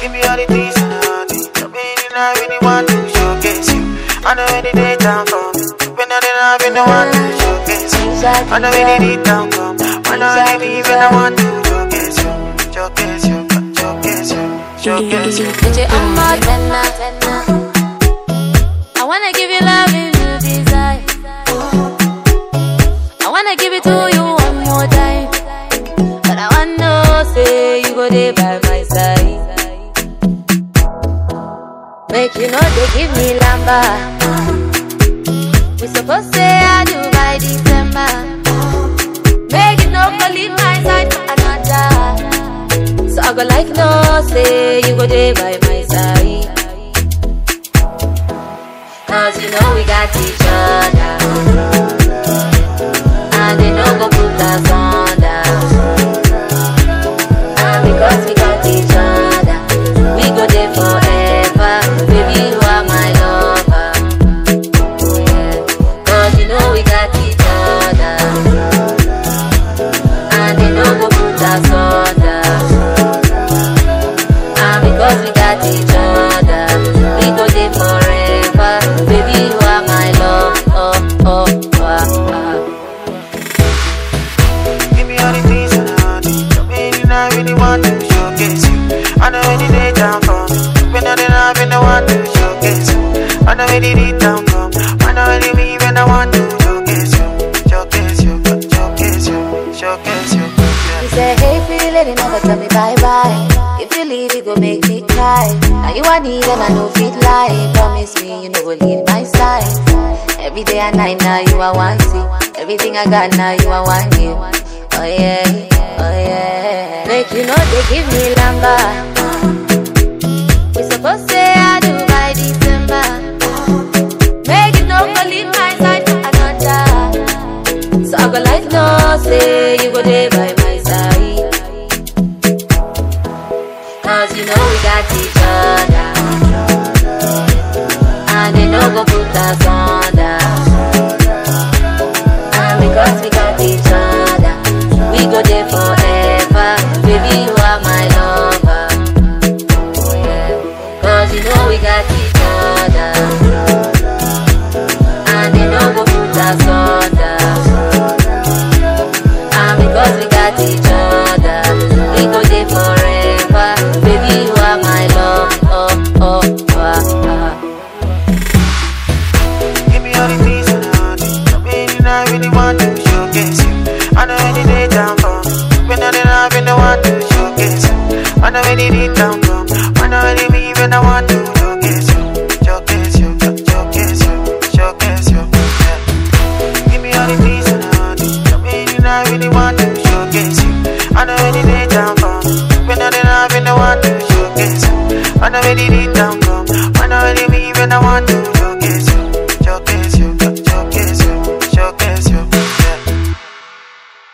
Give me all the things and all you I really want to showcase you I know any day down When I did the one to showcase you I know any day down come When I leave when want to showcase you Showcase you, showcase you, showcase you DJ, I'm a tenor, tenor Make you know they give me lumber. We supposed to say I do by December. Make you know believe leave my side for another. So I go like no say you go there by my side. Cause you know we got it. I know any day down come. When I did love and I want to showcase you. I know any day down come. I know any me when I want to showcase you. Showcase you, showcase you, showcase you. Yeah. He said, hey, pretty never tell me bye bye. If you leave, it go make me cry. Now you are need and I know fit lie. Promise me you know will leave my side. Every day and night now you are one see. Everything I got now you are one you. Oh yeah, oh yeah. Make you know they give me lamba. So I go like no say you go there by my side. Cause you know we got each other. And they no go put us on. down, come. I don't even I want to.